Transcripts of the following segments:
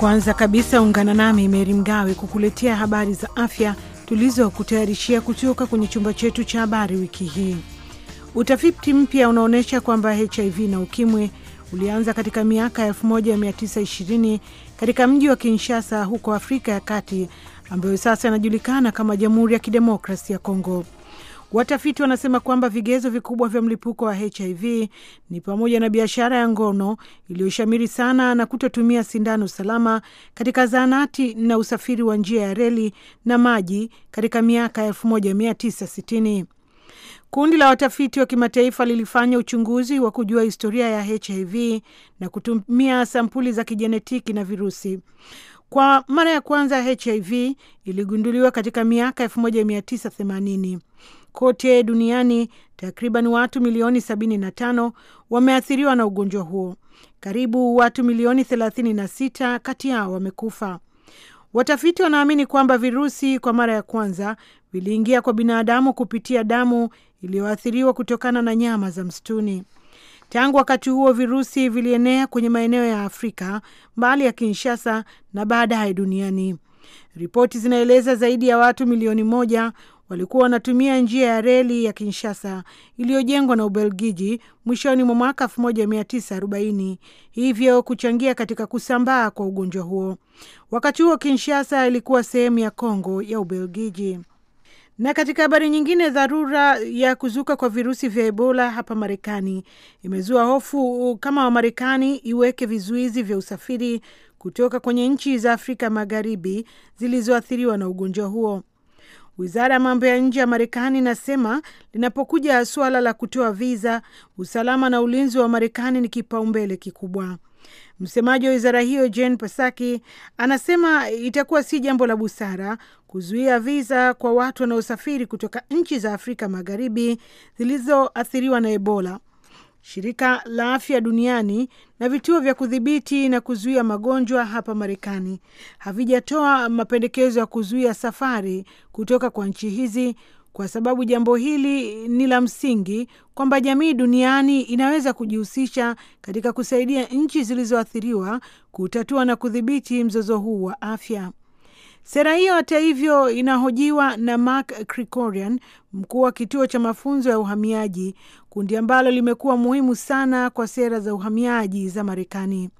Kwanza kabisa ungana nami Meri Mgawe kukuletea habari za afya tulizokutayarishia kutoka kwenye chumba chetu cha habari wiki hii. Utafiti mpya unaonyesha kwamba HIV na ukimwe ulianza katika miaka 1920 katika mji wa Kinshasa huko Afrika ya Kati, ambayo sasa inajulikana kama Jamhuri ya Kidemokrasi ya Kongo. Watafiti wanasema kwamba vigezo vikubwa vya mlipuko wa HIV ni pamoja na biashara ya ngono iliyoshamiri sana na kutotumia sindano salama katika zahanati na usafiri wa njia ya reli na maji katika miaka ya 1960. Kundi la watafiti wa kimataifa lilifanya uchunguzi wa kujua historia ya HIV na kutumia sampuli za kijenetiki na virusi. Kwa mara ya kwanza HIV iligunduliwa katika miaka 1980. Kote duniani takriban watu milioni 75 wameathiriwa na ugonjwa huo. Karibu watu milioni 36 kati yao wamekufa. Watafiti wanaamini kwamba virusi kwa mara ya kwanza viliingia kwa binadamu kupitia damu iliyoathiriwa kutokana na nyama za msituni. Tangu wakati huo virusi vilienea kwenye maeneo ya Afrika mbali ya Kinshasa na baadaye duniani. Ripoti zinaeleza zaidi ya watu milioni moja walikuwa wanatumia njia ya reli ya Kinshasa iliyojengwa na Ubelgiji mwishoni mwa mwaka 1940 hivyo kuchangia katika kusambaa kwa ugonjwa huo. Wakati huo Kinshasa ilikuwa sehemu ya Kongo ya Ubelgiji. Na katika habari nyingine, dharura ya kuzuka kwa virusi vya Ebola hapa Marekani imezua hofu kama Wamarekani iweke vizuizi vya usafiri kutoka kwenye nchi za Afrika Magharibi zilizoathiriwa na ugonjwa huo. Wizara ya mambo ya nje ya Marekani inasema linapokuja suala la kutoa viza, usalama na ulinzi wa Marekani ni kipaumbele kikubwa. Msemaji wa wizara hiyo Jen Psaki anasema itakuwa si jambo la busara kuzuia viza kwa watu wanaosafiri kutoka nchi za Afrika Magharibi zilizoathiriwa na Ebola shirika la afya duniani na vituo vya kudhibiti na kuzuia magonjwa hapa Marekani havijatoa mapendekezo ya kuzuia safari kutoka kwa nchi hizi kwa sababu jambo hili ni la msingi kwamba jamii duniani inaweza kujihusisha katika kusaidia nchi zilizoathiriwa kutatua na kudhibiti mzozo huu wa afya. Sera hiyo hata hivyo inahojiwa na Mark Krikorian, mkuu wa kituo cha mafunzo ya uhamiaji, kundi ambalo limekuwa muhimu sana kwa sera za uhamiaji za Marekani.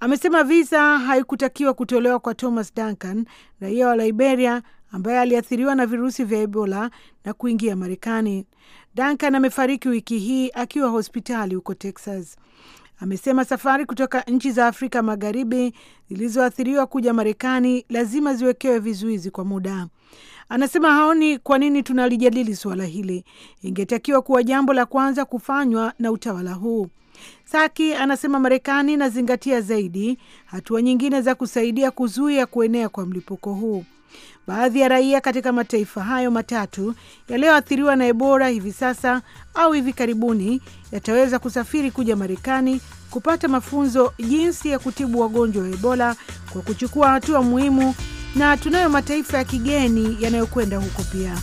Amesema visa haikutakiwa kutolewa kwa Thomas Duncan, raia wa Liberia ambaye aliathiriwa na virusi vya Ebola na kuingia Marekani. Duncan amefariki wiki hii akiwa hospitali huko Texas amesema safari kutoka nchi za Afrika Magharibi zilizoathiriwa kuja Marekani lazima ziwekewe vizuizi kwa muda. Anasema haoni kwa nini tunalijadili suala hili, ingetakiwa kuwa jambo la kwanza kufanywa na utawala huu. Saki anasema Marekani inazingatia zaidi hatua nyingine za kusaidia kuzuia kuenea kwa mlipuko huu. Baadhi ya raia katika mataifa hayo matatu yaliyoathiriwa na Ebola hivi sasa au hivi karibuni yataweza kusafiri kuja Marekani kupata mafunzo jinsi ya kutibu wagonjwa wa Ebola kwa kuchukua hatua muhimu, na tunayo mataifa ya kigeni yanayokwenda huko pia.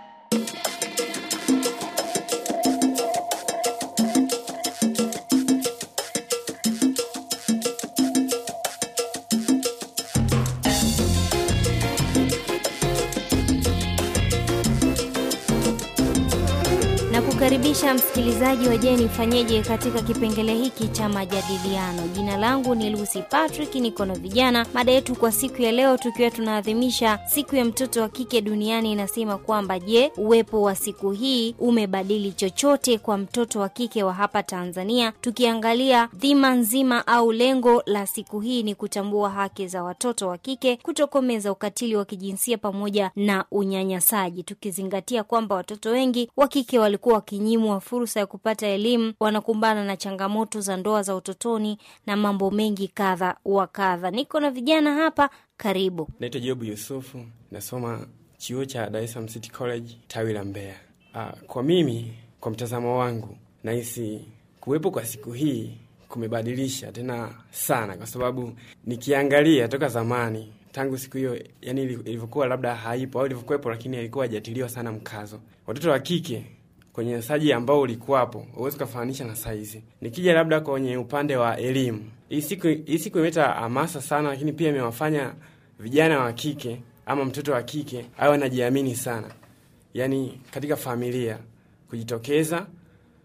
Ninakukaribisha msikilizaji wa Je Nifanyeje katika kipengele hiki cha majadiliano. Jina langu ni Lucy Patrick, niko na vijana. Mada yetu kwa siku ya leo, tukiwa tunaadhimisha siku ya mtoto wa kike duniani, inasema kwamba je, uwepo wa siku hii umebadili chochote kwa mtoto wa kike wa hapa Tanzania, tukiangalia dhima nzima au lengo la siku hii ni kutambua haki za watoto wa kike, kutokomeza ukatili wa kijinsia pamoja na unyanyasaji, tukizingatia kwamba watoto wengi wa kike walikuwa wakinyimwa fursa ya kupata elimu, wanakumbana na changamoto za ndoa za utotoni na mambo mengi kadha wa kadha. Niko na vijana hapa, karibu. Naitwa Jobu Yusufu, nasoma chuo cha Dar es Salaam City College tawi la Mbeya. Aa, ah, kwa mimi, kwa mtazamo wangu, nahisi kuwepo kwa siku hii kumebadilisha tena sana, kwa sababu nikiangalia toka zamani tangu siku hiyo yani ilivyokuwa labda haipo au ilivyokuwepo, lakini alikuwa hajatiliwa sana mkazo. Watoto wa kike kwenye saji ambao ulikuwapo huwezi ukafananisha na saizi. Nikija labda kwenye upande wa elimu, hii siku hii siku imeleta hamasa sana, lakini pia imewafanya vijana wa kike ama mtoto wa kike awe anajiamini sana, yani katika familia kujitokeza,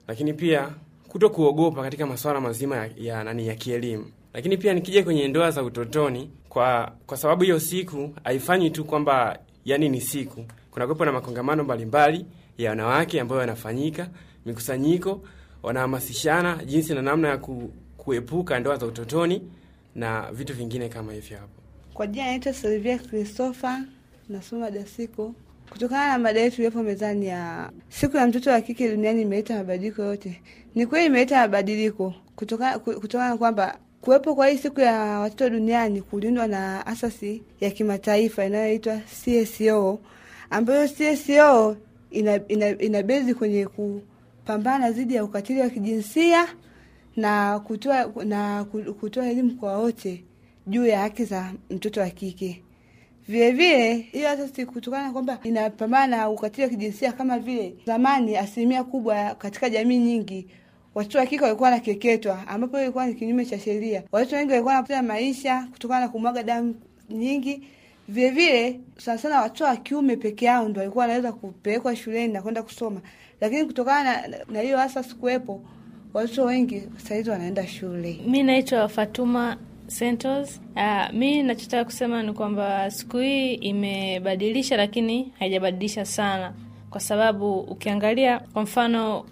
lakini pia kuto kuogopa katika masuala mazima ya, ya nani ya kielimu. Lakini pia nikija kwenye ndoa za utotoni, kwa kwa sababu hiyo siku haifanyi tu kwamba yani ni siku, kuna kuwepo na makongamano mbalimbali mbali, ya wanawake ambayo yanafanyika, mikusanyiko, wanahamasishana jinsi na namna ya ku, kuepuka ndoa za utotoni na vitu vingine kama hivyo hapo. Kwa jina anaitwa Silvia Christopher, nasoma Dasiku. Kutokana na mada yetu iliyopo mezani ya siku ya mtoto wa kike duniani imeleta mabadiliko yote, ni kweli imeleta mabadiliko kutokana kutokana na kwamba kuwepo kwa hii siku ya watoto duniani kulindwa na asasi ya kimataifa inayoitwa CSO ambayo CSO ina, ina, ina kwenye kupambana dhidi ya ukatili wa kijinsia na kutoa na kutoa elimu kwa wote juu ya haki za mtoto wa kike. Vilevile hiyo hata si kutokana kwamba inapambana na ukatili wa kijinsia kama vile zamani, asilimia kubwa katika jamii nyingi watoto wa kike walikuwa wanakeketwa, ambapo ilikuwa ni kinyume cha sheria. Watoto wengi walikuwa wanapoteza maisha kutokana na kumwaga damu nyingi Vilevile sana sana watoto wa kiume peke yao ndo walikuwa wanaweza kupelekwa shuleni na kwenda kusoma, lakini kutokana na na hiyo hasa sikuwepo, watoto wengi sahizi wanaenda shule. Mi naitwa Fatuma Sentos. Uh, ah, mi nachotaka kusema ni kwamba siku hii imebadilisha, lakini haijabadilisha sana, kwa sababu ukiangalia kwa mfano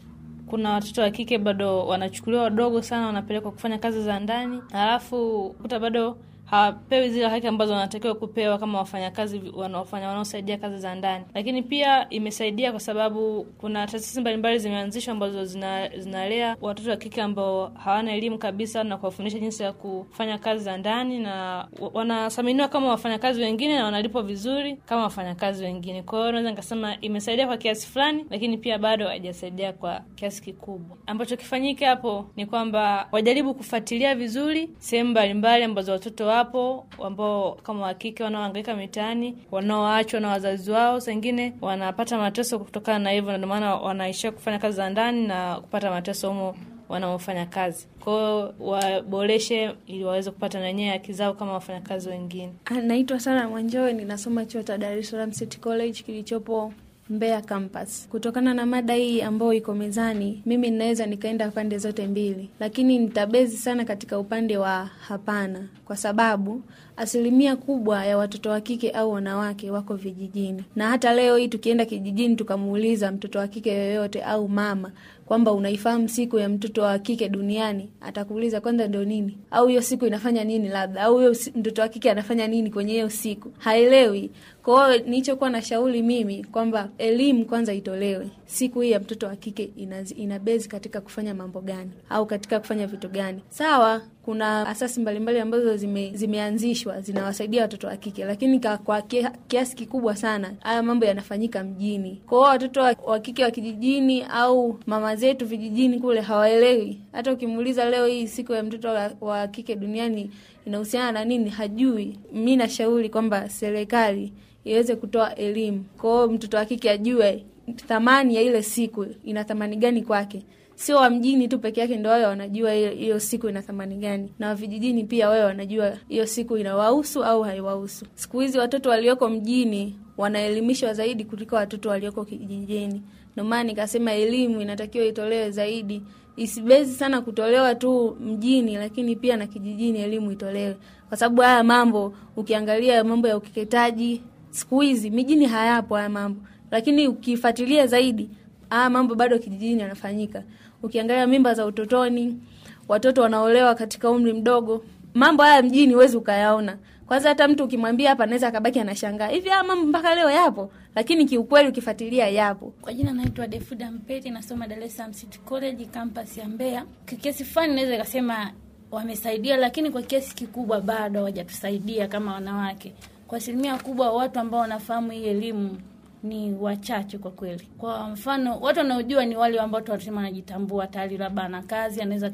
kuna watoto wa kike bado wanachukuliwa wadogo sana, wanapelekwa kufanya kazi za ndani, alafu kuta bado hawapewi ah, zile haki ambazo wanatakiwa kupewa kama wafanyakazi wanaofanya wanaosaidia kazi za ndani. Lakini pia imesaidia kwa sababu kuna taasisi mbalimbali zimeanzishwa ambazo zina, zinalea watoto wa kike ambao hawana elimu kabisa na kuwafundisha jinsi ya kufanya kazi za ndani, na wanathaminiwa kama wafanyakazi wengine na wanalipwa vizuri kama wafanyakazi wengine. Kwa hiyo naweza nikasema imesaidia kwa kiasi fulani, lakini pia bado haijasaidia kwa kiasi kikubwa. Ambacho kifanyike hapo ni kwamba wajaribu kufuatilia vizuri sehemu mbalimbali ambazo watoto wapo wapo ambao kama wakike wanaoangaika mitaani, wanaoachwa na wazazi wao, sengine wanapata mateso kutokana na hivyo, na ndio maana wanaishia kufanya kazi za ndani na kupata mateso humo wanaofanya kazi kwao, waboreshe ili waweze kupata nanyewe haki zao kama wafanyakazi wengine. Ah, naitwa Sara Mwanjoe, ninasoma chuo cha Dar es Salaam City College kilichopo Mbeya campus. Kutokana na mada hii ambayo iko mezani, mimi ninaweza nikaenda pande zote mbili, lakini nitabezi sana katika upande wa hapana, kwa sababu asilimia kubwa ya watoto wa kike au wanawake wako vijijini, na hata leo hii tukienda kijijini tukamuuliza mtoto wa kike yoyote au mama kwamba unaifahamu siku ya mtoto wa kike duniani, atakuuliza kwanza ndio nini, au hiyo siku inafanya nini, labda au huyo mtoto wa kike anafanya nini kwenye hiyo siku, haelewi. Kwa hiyo nilichokuwa na shauri mimi kwamba elimu kwanza itolewe, siku hii ya mtoto wa kike ina, ina bezi katika kufanya mambo gani au katika kufanya vitu gani. Sawa, kuna asasi mbalimbali mbali ambazo zime, zimeanzishwa zinawasaidia watoto wa kike, lakini kwa kiasi kikubwa sana haya mambo yanafanyika mjini. Kwa hiyo watoto wa kike wa kijijini au mama zetu vijijini kule hawaelewi. Hata ukimuuliza leo hii siku ya mtoto wa, wa kike duniani inahusiana na nini, hajui. Mi nashauri kwamba serikali iweze kutoa elimu, kwao mtoto wa kike ajue thamani ya ile siku, ina thamani gani kwake sio wa mjini tu peke yake ndo wawe wanajua hiyo siku ina thamani gani, na wa vijijini pia wawe wanajua hiyo siku inawahusu au haiwahusu. Siku hizi watoto walioko mjini wanaelimishwa zaidi kuliko watoto walioko kijijini. Ndio maana nikasema elimu inatakiwa itolewe zaidi, isibezi sana kutolewa tu mjini, lakini pia na kijijini elimu itolewe, kwa sababu haya mambo ukiangalia, mambo ya ukeketaji siku hizi mijini hayapo haya mambo, lakini ukifuatilia zaidi haya mambo bado kijijini yanafanyika ukiangalia mimba za utotoni, watoto wanaolewa katika umri mdogo. Mambo haya mjini huwezi ukayaona. Kwanza hata mtu ukimwambia hapa anaweza akabaki anashangaa. Hivi haya mambo mpaka leo yapo, lakini kiukweli ukifuatilia yapo. Kwa jina naitwa Defuda Mpeti, nasoma Dar es Salaam City College campus ya Mbeya. Kwa kiasi fulani naweza ikasema wamesaidia, lakini kwa kiasi kikubwa bado hawajatusaidia kama wanawake. Kwa asilimia kubwa watu ambao wanafahamu hii elimu ni wachache kwa kweli. Kwa mfano, watu wanaojua ni wale ambao tunasema anajitambua tayari, labda ana kazi, anaweza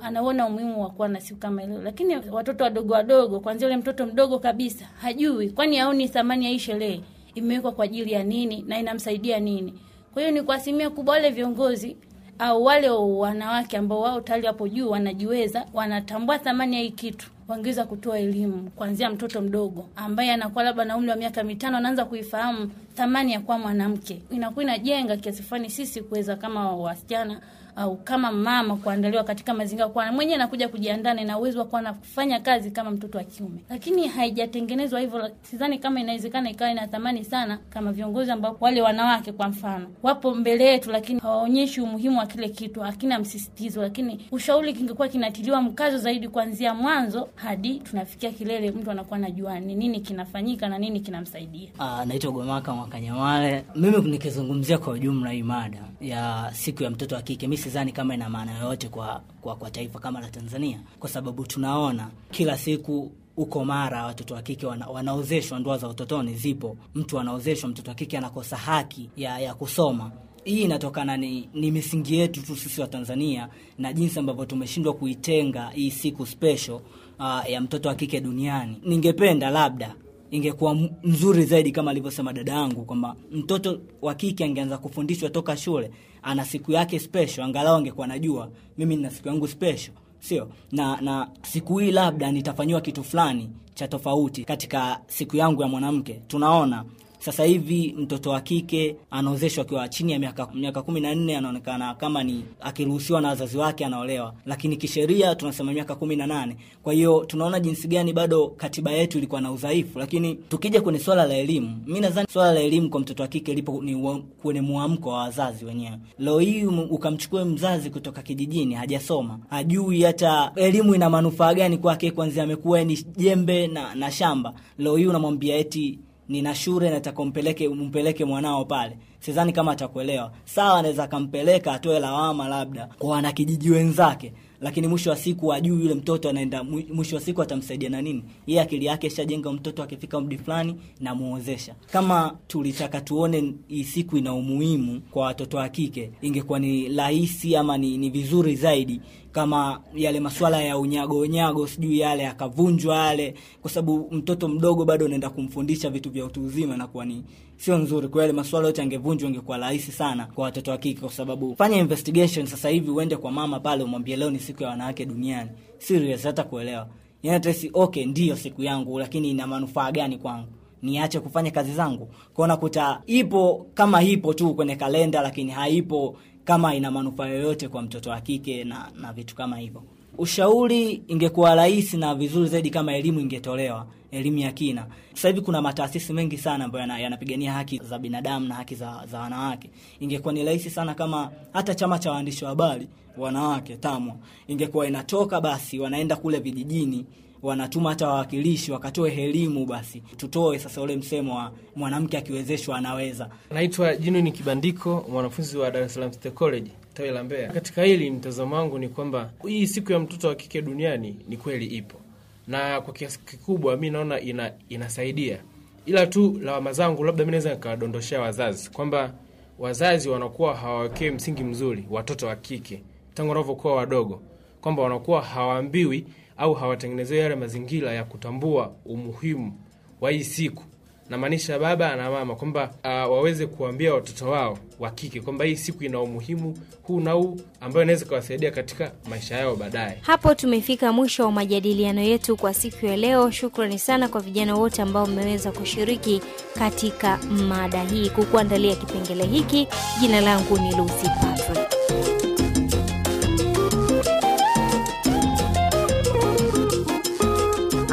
anaona umuhimu wa kuwa na siku kama hilo, Lakini watoto wadogo wadogo, kwanzia ule mtoto mdogo kabisa, hajui, kwani aoni thamani ya hii sherehe imewekwa kwa ajili ya nini na inamsaidia nini. Kwa hiyo ni kwa asilimia kubwa wale viongozi au wale wanawake ambao wao tayari hapo juu wanajiweza, wanatambua thamani ya hii kitu wangeweza kutoa elimu kuanzia mtoto mdogo ambaye anakuwa labda na umri wa miaka mitano, anaanza kuifahamu thamani ya kuwa mwanamke. Inakuwa inajenga kiasi fulani sisi kuweza kama wasichana au kama mama kuandaliwa katika mazingira kwa mwenyewe anakuja kujiandana na uwezo wa kuwa anafanya kazi kama mtoto wa kiume, lakini haijatengenezwa hivyo. Sidhani kama inawezekana ikawa ina thamani sana kama viongozi ambao wale wanawake kwa mfano wapo mbele yetu, lakini hawaonyeshi umuhimu wa kile kitu, hakina msisitizo. Lakini ushauri kingekuwa kinatiliwa mkazo zaidi kuanzia mwanzo hadi tunafikia kilele, mtu anakuwa anajua ni nini kinafanyika na nini kinamsaidia. Ah, naitwa Gomaka Mwakanyamale. Mimi nikizungumzia kwa ujumla hii mada ya siku ya mtoto wa kike sidhani kama ina maana yoyote kwa, kwa, kwa taifa kama la Tanzania, kwa sababu tunaona kila siku uko mara watoto wa kike wana, wanaozeshwa. Ndoa za utotoni zipo, mtu anaozeshwa, mtoto wa kike anakosa haki ya, ya kusoma. Hii inatokana ni, ni misingi yetu tu sisi wa Tanzania na jinsi ambavyo tumeshindwa kuitenga hii siku special uh, ya mtoto wa kike duniani. Ningependa labda ingekuwa nzuri zaidi kama alivyosema dada yangu kwamba mtoto wa kike angeanza kufundishwa toka shule, ana siku yake special, angalau angekuwa najua mimi nina siku yangu special, sio na, na siku hii labda nitafanyiwa kitu fulani cha tofauti katika siku yangu ya mwanamke. Tunaona sasa hivi mtoto wa kike anaozeshwa akiwa chini ya miaka miaka kumi na nne anaonekana kama ni akiruhusiwa na wazazi wake anaolewa, lakini kisheria tunasema miaka kumi na nane. Kwa hiyo tunaona jinsi gani bado katiba yetu ilikuwa na udhaifu. Lakini tukija kwenye swala la elimu, mi nadhani swala la elimu kwa mtoto wa kike lipo ni kwenye mwamko wa wazazi wenyewe. Leo hii um, ukamchukue mzazi kutoka kijijini, hajasoma, hajui hata elimu ina manufaa gani kwake, kwanzia amekuwa ni jembe na, na shamba, leo hii unamwambia eti nina shule nataka mpeleke mwanao pale, sidhani kama atakuelewa. Sawa, anaweza akampeleka atoe lawama labda kwa wanakijiji wenzake, lakini mwisho wa siku ajuu yule mtoto anaenda, mwisho wa siku atamsaidia na nini? Yeye akili yake ishajenga, mtoto akifika mdi fulani namuozesha. Kama tulitaka tuone hii siku ina umuhimu kwa watoto wa kike, ingekuwa ni rahisi ama ni, ni vizuri zaidi kama yale masuala ya unyago unyago, sijui yale akavunjwa yale, kwa sababu mtoto mdogo bado unaenda kumfundisha vitu vya utu uzima, na kwa ni sio nzuri kwa yale masuala yote. Angevunjwa ingekuwa rahisi sana kwa watoto wa kike, kwa sababu fanya investigation sasa hivi, uende kwa mama pale, umwambie leo ni siku ya wanawake duniani, serious hata kuelewa yeye yaani atasi, okay, ndiyo siku yangu, lakini ina manufaa gani kwangu? niache kufanya kazi zangu. Kwa unakuta ipo kama ipo tu kwenye kalenda, lakini haipo kama ina manufaa yoyote kwa mtoto wa kike na, na vitu kama hivyo. Ushauri ingekuwa rahisi na vizuri zaidi kama elimu ingetolewa, elimu ya kina. Sasa hivi kuna mataasisi mengi sana ambayo yanapigania haki za binadamu na haki za, za wanawake. Ingekuwa ni rahisi sana kama hata chama cha waandishi wa habari wanawake TAMWA ingekuwa inatoka basi, wanaenda kule vijijini wanatuma hata wawakilishi wakatoe elimu, basi tutoe sasa ule msemo wa mwanamke akiwezeshwa anaweza. Naitwa ni Kibandiko, mwanafunzi wa Dar Salaam State College tawi la mbea Katika hili mtazamo wangu ni kwamba hii siku ya mtoto wa kike duniani ni kweli ipo na kwa kiasi kikubwa mi naona ina, inasaidia, ila tu lawama zangu labda mi naweza nikawadondoshea wazazi kwamba wazazi wanakuwa hawawekee msingi mzuri watoto wa kike tangu wanavyokuwa wadogo, kwamba wanakuwa hawaambiwi au hawatengenezewi yale mazingira ya kutambua umuhimu wa hii siku, namaanisha baba na mama, kwamba uh, waweze kuambia watoto wao wa kike kwamba hii siku ina umuhimu huu na huu, ambayo inaweza ikawasaidia katika maisha yao baadaye. Hapo tumefika mwisho wa majadiliano yetu kwa siku ya leo. Shukrani sana kwa vijana wote ambao mmeweza kushiriki katika mada hii. Kukuandalia kipengele hiki, jina langu ni lusi Patrick.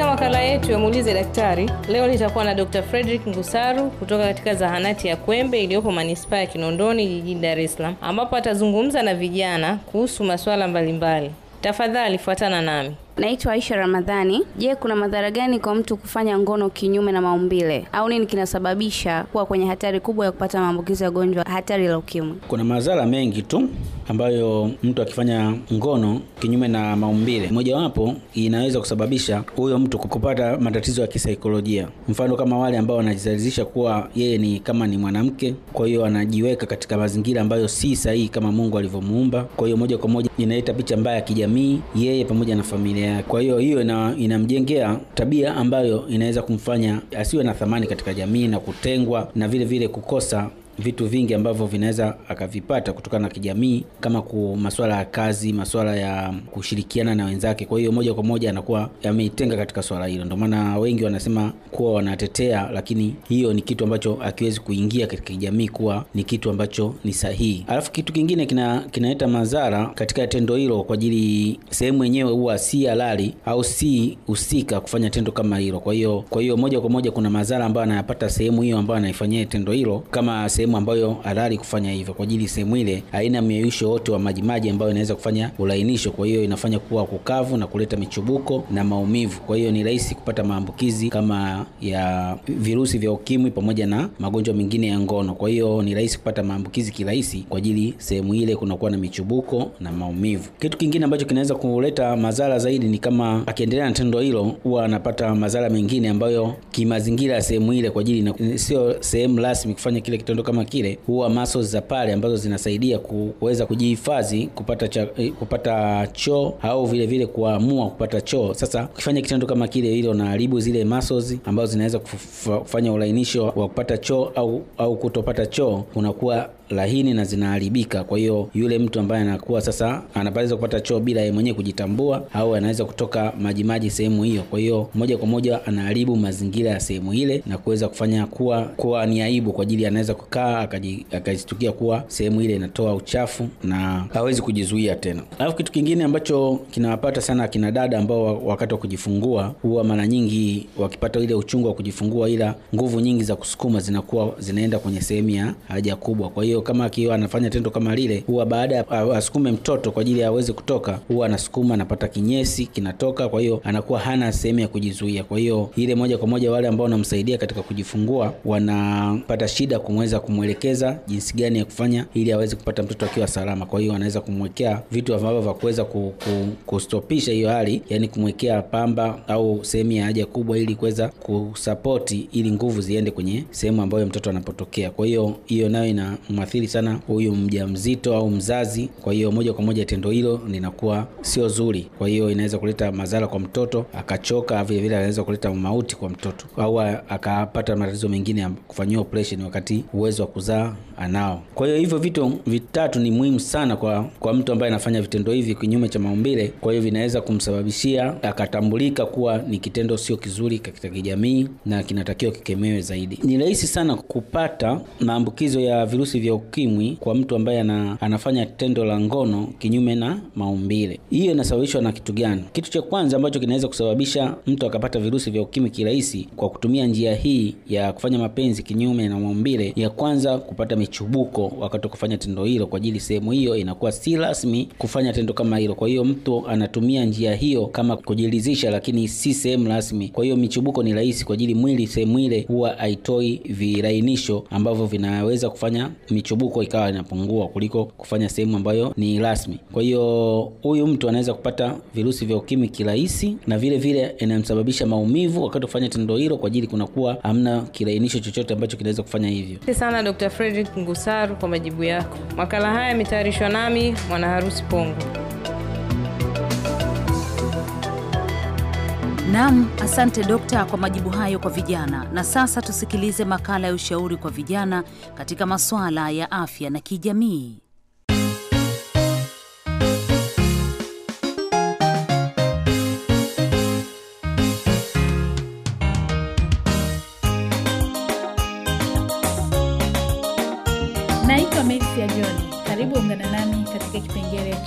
Katika makala yetu ya muulize daktari leo nitakuwa na Dr. Frederick Ngusaru kutoka katika zahanati ya Kwembe iliyopo manispaa ya Kinondoni jijini Dar es Salaam, ambapo atazungumza na vijana kuhusu masuala mbalimbali. Tafadhali fuatana nami. Naitwa Aisha Ramadhani. Je, kuna madhara gani kwa mtu kufanya ngono kinyume na maumbile au nini kinasababisha kuwa kwenye hatari kubwa ya kupata maambukizi ya gonjwa hatari la ukimwi? Kuna madhara mengi tu ambayo mtu akifanya ngono kinyume na maumbile, mojawapo inaweza kusababisha huyo mtu kupata matatizo ya kisaikolojia, mfano kama wale ambao wanajizalizisha kuwa yeye ni kama ni mwanamke, kwa hiyo anajiweka katika mazingira ambayo si sahihi kama Mungu alivyomuumba. Kwa hiyo moja kwa moja inaleta picha mbaya ya kijamii yeye pamoja na familia Eh, kwa hiyo hiyo ina, inamjengea tabia ambayo inaweza kumfanya asiwe na thamani katika jamii na kutengwa na vile vile kukosa vitu vingi ambavyo vinaweza akavipata kutokana na kijamii, kama maswala ya kazi, maswala ya kushirikiana na wenzake. Kwa hiyo moja kwa moja anakuwa ameitenga katika swala hilo, ndio maana wengi wanasema kuwa wanatetea, lakini hiyo ni kitu ambacho akiwezi kuingia katika kijamii kuwa ni kitu ambacho ni sahihi. Alafu kitu kingine kina kinaleta madhara katika tendo hilo, kwa ajili sehemu yenyewe huwa si halali au si husika kufanya tendo kama hilo. Kwa hiyo kwa hiyo moja kwa moja kuna madhara ambayo anayapata sehemu hiyo ambayo anaifanyia tendo hilo, kama sehemu sehemu ambayo halali kufanya hivyo, kwa ajili sehemu ile haina meyusho wote wa majimaji ambayo inaweza kufanya ulainisho, kwa hiyo inafanya kuwa kukavu na kuleta michubuko na maumivu, kwa hiyo ni rahisi kupata maambukizi kama ya virusi vya ukimwi pamoja na magonjwa mengine ya ngono. Kwa hiyo ni rahisi kupata maambukizi kirahisi, kwa ajili sehemu ile kunakuwa na michubuko na maumivu. Kitu kingine ambacho kinaweza kuleta madhara zaidi ni kama akiendelea na tendo hilo, huwa anapata madhara mengine ambayo kimazingira ya sehemu ile, kwa ajili sio sehemu rasmi kufanya kile kitendo kama kama kile huwa maso za pale ambazo zinasaidia kuweza kujihifadhi kupata cha, eh, kupata choo au vile vile kuamua kupata choo. Sasa ukifanya kitendo kama kile, hilo unaharibu zile masos ambazo zinaweza kufanya ulainisho wa kupata choo au, au kutopata choo, unakuwa laini na zinaharibika. Kwa hiyo yule mtu ambaye anakuwa sasa anapaweza kupata choo bila yeye mwenyewe kujitambua, au anaweza kutoka majimaji sehemu hiyo. Kwa hiyo moja kwa moja anaharibu mazingira ya sehemu ile na kuweza kufanya kuwa kuwa ni aibu kwa ajili, anaweza kukaa akajistukia kuwa sehemu ile inatoa uchafu na hawezi kujizuia tena. Alafu kitu kingine ambacho kinawapata sana akina dada ambao wakati wa kujifungua huwa mara nyingi wakipata ile uchungu wa kujifungua, ila nguvu nyingi za kusukuma zinakuwa zinaenda kwenye sehemu ya haja kubwa, kwa hiyo hiyo, kama akiwa anafanya tendo kama lile, huwa baada ya asukume mtoto kwa ajili ya aweze kutoka, huwa anasukuma, anapata kinyesi kinatoka, kwa hiyo anakuwa hana sehemu ya kujizuia. Kwa hiyo ile moja kwa moja wale ambao wanamsaidia katika kujifungua wanapata shida kumweza kumwelekeza jinsi gani ya kufanya ili aweze kupata mtoto akiwa salama. Kwa hiyo anaweza kumwekea vitu ambavyo vya kuweza kustopisha hiyo hali, yani kumwekea pamba au sehemu ya haja kubwa ili kuweza kusapoti ili nguvu ziende kwenye sehemu ambayo mtoto anapotokea. Kwa hiyo hiyo nayo ina linamwathiri sana huyu mjamzito au mzazi. Kwa hiyo moja kwa moja tendo hilo linakuwa sio zuri, kwa hiyo inaweza kuleta madhara kwa mtoto akachoka, vilevile anaweza kuleta mauti kwa mtoto au akapata matatizo mengine ya kufanyiwa operation wakati uwezo wa kuzaa anao. Kwa hiyo hivyo vitu vitatu ni muhimu sana kwa, kwa mtu ambaye anafanya vitendo hivi kinyume cha maumbile. Kwa hiyo vinaweza kumsababishia akatambulika kuwa ni kitendo sio kizuri katika kijamii na kinatakiwa kikemewe zaidi. Ni rahisi sana kupata maambukizo ya virusi vya ukimwi kwa mtu ambaye ana, anafanya tendo la ngono kinyume na maumbile. Hiyo inasababishwa na kitu gani? Kitu cha kwanza ambacho kinaweza kusababisha mtu akapata virusi vya ukimwi kirahisi kwa kutumia njia hii ya kufanya mapenzi kinyume na maumbile, ya kwanza kupata chubuko wakati wa kufanya tendo hilo, kwa ajili sehemu hiyo inakuwa si rasmi kufanya tendo kama hilo. Kwa hiyo mtu anatumia njia hiyo kama kujilizisha lakini si sehemu rasmi. Kwa hiyo michubuko ni rahisi kwa ajili mwili sehemu ile huwa haitoi virainisho ambavyo vinaweza kufanya michubuko ikawa inapungua kuliko kufanya sehemu ambayo ni rasmi. Kwa hiyo huyu mtu anaweza kupata virusi vya ukimwi kirahisi, na vile vile inamsababisha maumivu wakati kufanya tendo hilo, kwa ajili kunakuwa hamna kirainisho chochote ambacho kinaweza kufanya hivyo. sana Dr. Frederick Ngusaru kwa majibu yako. Makala haya yametayarishwa nami Mwanaharusi Pongo. Nam, asante dokta kwa majibu hayo kwa vijana. Na sasa tusikilize makala ya ushauri kwa vijana katika masuala ya afya na kijamii.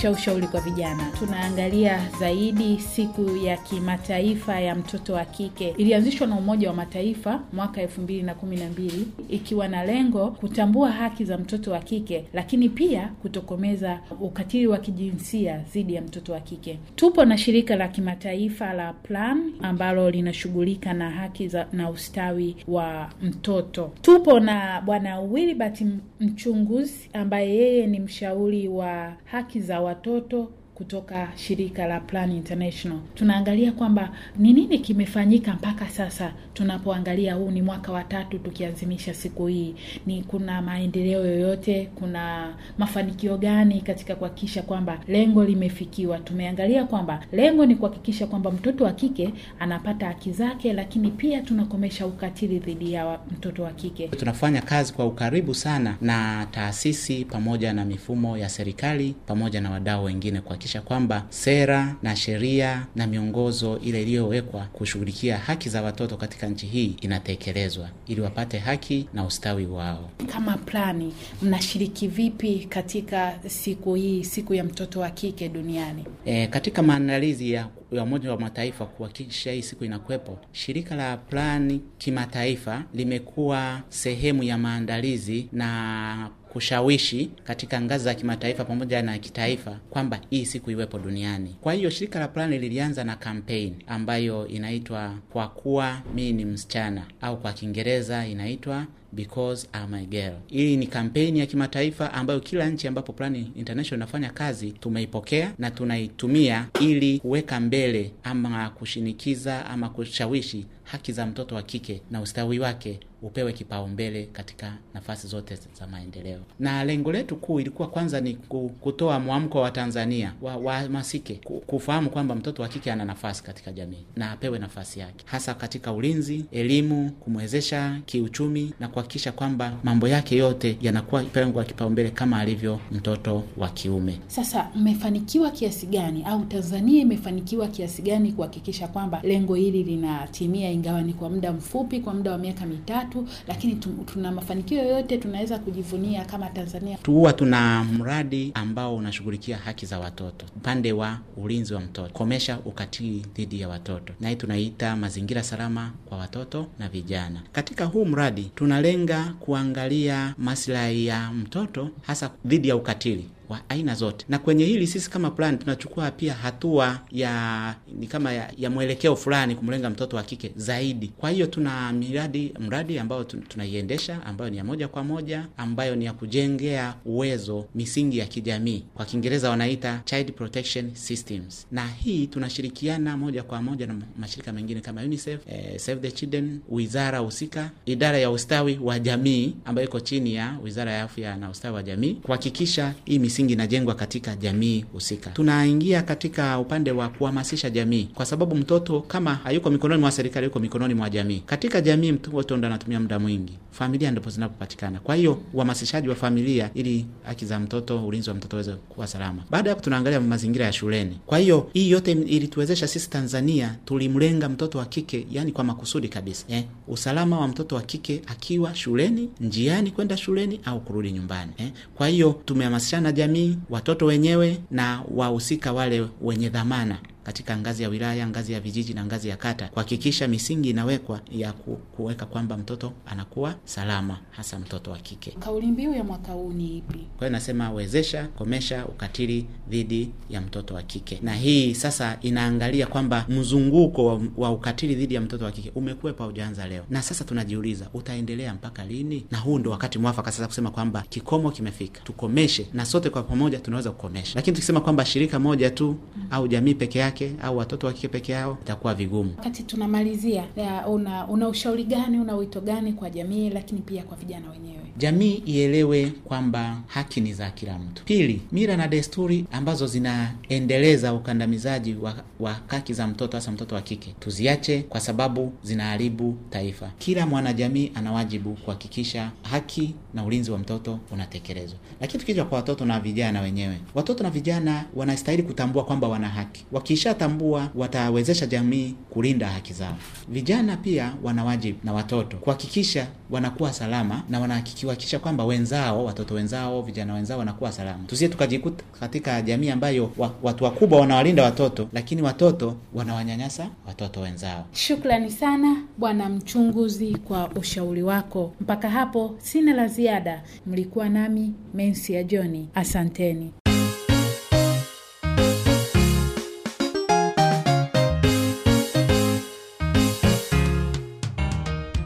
cha ushauri kwa vijana, tunaangalia zaidi siku ya kimataifa ya mtoto wa kike. Ilianzishwa na Umoja wa Mataifa mwaka elfu mbili na kumi na mbili ikiwa na lengo kutambua haki za mtoto wa kike, lakini pia kutokomeza ukatili wa kijinsia dhidi ya mtoto wa kike. Tupo na shirika la kimataifa la Plan ambalo linashughulika na haki za, na ustawi wa mtoto. Tupo na Bwana Wilibert Mchunguzi ambaye yeye ni mshauri wa haki za wa watoto kutoka shirika la Plan International. Tunaangalia kwamba ni nini kimefanyika mpaka sasa. Tunapoangalia huu ni mwaka wa tatu tukiazimisha siku hii, ni kuna maendeleo yoyote, kuna mafanikio gani katika kuhakikisha kwamba lengo limefikiwa. Tumeangalia kwamba lengo ni kuhakikisha kwamba mtoto wa kike anapata haki zake, lakini pia tunakomesha ukatili dhidi ya mtoto wa kike. Tunafanya kazi kwa ukaribu sana na taasisi pamoja na mifumo ya serikali pamoja na wadau wengine kwa kuhakikisha kwamba sera na sheria na miongozo ile iliyowekwa kushughulikia haki za watoto katika nchi hii inatekelezwa ili wapate haki na ustawi wao. Kama plani, mnashiriki vipi katika siku hii, siku ya mtoto wa kike duniani? E, katika maandalizi ya ya Umoja wa Mataifa kuhakikisha hii siku inakuwepo, shirika la Plani kimataifa limekuwa sehemu ya maandalizi na kushawishi katika ngazi za kimataifa pamoja na kitaifa kwamba hii siku iwepo duniani. Kwa hiyo shirika la Plan lilianza na kampeni ambayo inaitwa kwa kuwa mimi ni msichana au kwa Kiingereza inaitwa Because I'm a girl. Hii ni kampeni ya kimataifa ambayo kila nchi ambapo Plan International inafanya kazi tumeipokea na tunaitumia ili kuweka mbele ama kushinikiza ama kushawishi haki za mtoto wa kike na ustawi wake upewe kipaumbele katika nafasi zote za maendeleo. Na lengo letu kuu ilikuwa kwanza ni kutoa mwamko wa Tanzania wahamasike wa kufahamu kwamba mtoto wa kike ana nafasi katika jamii na apewe nafasi yake, hasa katika ulinzi, elimu, kumwezesha kiuchumi na kuhakikisha kwamba mambo yake yote yanakuwa ya kipaumbele kama alivyo mtoto wa kiume. Sasa mmefanikiwa kiasi gani, au Tanzania imefanikiwa kiasi gani kuhakikisha kwamba lengo hili linatimia, ingawa ni kwa muda mfupi, kwa muda wa miaka mitatu? tatu, lakini tuna mafanikio yoyote tunaweza kujivunia kama Tanzania. Tuwa tuna mradi ambao unashughulikia haki za watoto upande wa ulinzi wa mtoto, komesha ukatili dhidi ya watoto, naye tunaita mazingira salama kwa watoto na vijana. Katika huu mradi tunalenga kuangalia maslahi ya mtoto hasa dhidi ya ukatili wa aina zote, na kwenye hili sisi kama plan tunachukua pia hatua ya ni kama ya, ya mwelekeo fulani kumlenga mtoto wa kike zaidi. Kwa hiyo tuna miradi mradi ambao tunaiendesha ambayo ni ya moja kwa moja ambayo ni ya kujengea uwezo misingi ya kijamii, kwa Kiingereza wanaita child protection systems, na hii tunashirikiana moja kwa moja na mashirika mengine kama UNICEF, eh, Save the Children, wizara husika, idara ya ustawi wa jamii ambayo iko chini ya wizara ya afya na ustawi wa jamii kuhakikisha hii misingi kimsingi inajengwa katika jamii husika. Tunaingia katika upande wa kuhamasisha jamii, kwa sababu mtoto kama hayuko mikononi mwa serikali, yuko mikononi mwa jamii. Katika jamii, mtoto ndo anatumia muda mwingi, familia ndipo zinapopatikana. Kwa hiyo uhamasishaji wa familia, ili haki za mtoto, ulinzi wa mtoto aweze kuwa salama. Baada ya hapo, tunaangalia mazingira ya shuleni. Kwa hiyo hii yote ilituwezesha sisi Tanzania, tulimlenga mtoto wa kike, yani kwa makusudi kabisa, eh, usalama wa mtoto wa kike akiwa shuleni, njiani kwenda shuleni au kurudi nyumbani eh. Kwa hiyo tumehamasishana jamii jamii, watoto wenyewe na wahusika wale wenye dhamana katika ngazi ya wilaya, ngazi ya vijiji na ngazi ya kata, kuhakikisha misingi inawekwa ya kuweka kwamba mtoto anakuwa salama, hasa mtoto wa kike. Kauli mbiu ya mwaka huu ni ipi? Kwa hiyo nasema wezesha, komesha ukatili dhidi ya mtoto wa kike, na hii sasa inaangalia kwamba mzunguko wa, wa ukatili dhidi ya mtoto wa kike umekuwepo, haujaanza leo, na sasa tunajiuliza utaendelea mpaka lini? Na huu ndo wakati mwafaka sasa kusema kwamba kikomo kimefika, tukomeshe, na sote kwa pamoja tunaweza kukomesha. Lakini tukisema kwamba shirika moja tu mm, au jamii peke yake yake au watoto wa kike peke yao itakuwa vigumu. Wakati tunamalizia, una, una ushauri gani, una wito gani kwa jamii, lakini pia kwa vijana wenyewe? Jamii ielewe kwamba haki ni za kila mtu. Pili, mila na desturi ambazo zinaendeleza ukandamizaji wa, wa haki za mtoto hasa mtoto wa kike tuziache, kwa sababu zinaharibu taifa. Kila mwanajamii ana wajibu kuhakikisha haki na ulinzi wa mtoto unatekelezwa. Lakini tukija kwa watoto na vijana wenyewe, watoto na vijana wanastahili kutambua kwamba wana haki wakiishi wakishatambua watawezesha jamii kulinda haki zao. Vijana pia wana wajibu na watoto kuhakikisha wanakuwa salama na wanahakikiwakisha kwamba wenzao, watoto wenzao, vijana wenzao wanakuwa salama. tusie tukajikuta katika jamii ambayo watu wakubwa wanawalinda watoto, lakini watoto wanawanyanyasa watoto wenzao. Shukrani sana Bwana Mchunguzi kwa ushauri wako. Mpaka hapo sina la ziada. Mlikuwa nami Mensi ya Joni, asanteni.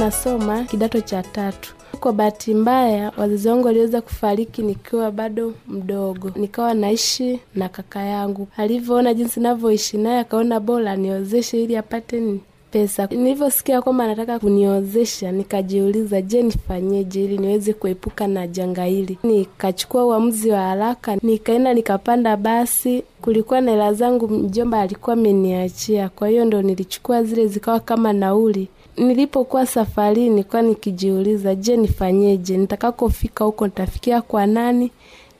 nasoma kidato cha tatu. Kwa bahati mbaya, wazazi wangu waliweza kufariki nikiwa bado mdogo, nikawa naishi na kaka yangu. Alivyoona jinsi navyoishi naye, akaona bora niozeshe ili apate ni pesa. Nilivyosikia kwamba anataka kuniozesha, nikajiuliza, je, nifanyeje ili niweze kuepuka na janga hili? Nikachukua uamuzi wa haraka, nikaenda nikapanda basi. Kulikuwa na hela zangu mjomba alikuwa ameniachia, kwa hiyo ndo nilichukua zile, zikawa kama nauli nilipokuwa safarini nilikuwa nikijiuliza, je, nifanyeje? Nitakakofika huko nitafikia kwa nani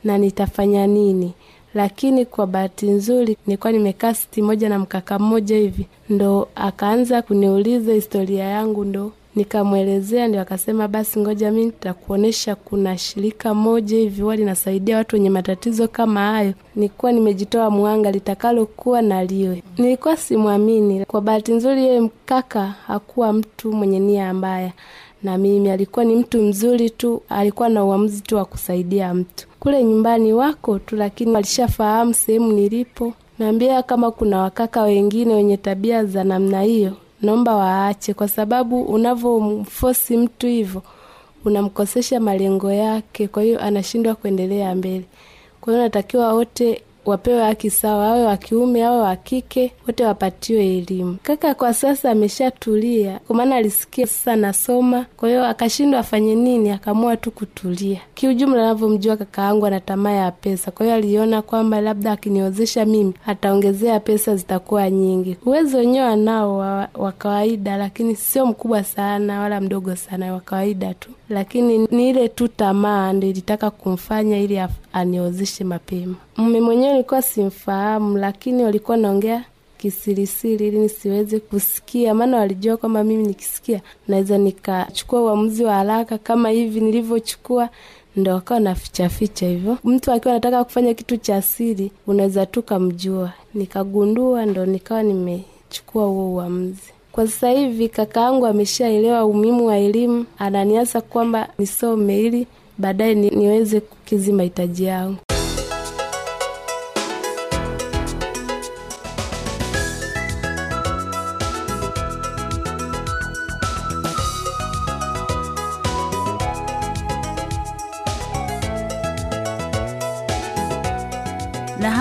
na nitafanya nini? Lakini kwa bahati nzuri nilikuwa nimekaa siti moja na mkaka mmoja hivi, ndo akaanza kuniuliza historia yangu, ndo nikamwelezea ndio akasema basi ngoja mi nitakuonesha kuna shirika moja hivi huwa linasaidia watu wenye matatizo kama hayo nilikuwa nimejitoa mwanga litakalokuwa na liwe nilikuwa simwamini kwa bahati nzuri yeye mkaka hakuwa mtu mwenye nia mbaya na mimi alikuwa ni mtu mzuri tu alikuwa na uamuzi tu wa kusaidia mtu kule nyumbani wako tu lakini walishafahamu sehemu nilipo naambia kama kuna wakaka wengine wenye tabia za namna hiyo naomba waache, kwa sababu unavyomfosi mtu hivyo unamkosesha malengo yake, kwa hiyo anashindwa kuendelea mbele. Kwa hiyo natakiwa wote wapewe haki sawa, awe wa kiume awe wa kike, wote wapatiwe elimu. Kaka kwa sasa ameshatulia, kwa maana alisikia sasa nasoma, kwa hiyo akashindwa afanye nini, akaamua tu kutulia. Kiujumla anavyomjua kaka yangu ana tamaa ya pesa, kwa hiyo aliona kwamba labda akiniozesha mimi ataongezea pesa zitakuwa nyingi. Uwezo wenyewe anao wa, wa kawaida, lakini sio mkubwa sana wala mdogo sana, wa kawaida tu, lakini ni ile tu tamaa ndo ilitaka kumfanya ili aniozeshe mapema. Mume mwenyewe nilikuwa simfahamu, lakini walikuwa naongea kisirisiri ili nisiweze kusikia, maana walijua kwamba mimi nikisikia naweza nikachukua uamuzi wa haraka kama hivi nilivyochukua ndo wakawa nafichaficha hivyo. Mtu akiwa anataka kufanya kitu cha siri, unaweza tu kamjua. Nikagundua, ndo nikawa nimechukua huo uamuzi. Kwa sasa hivi kaka yangu ameshaelewa umuhimu wa elimu, ananiasa kwamba nisome ili baadaye ni, niweze kukidhi mahitaji yangu.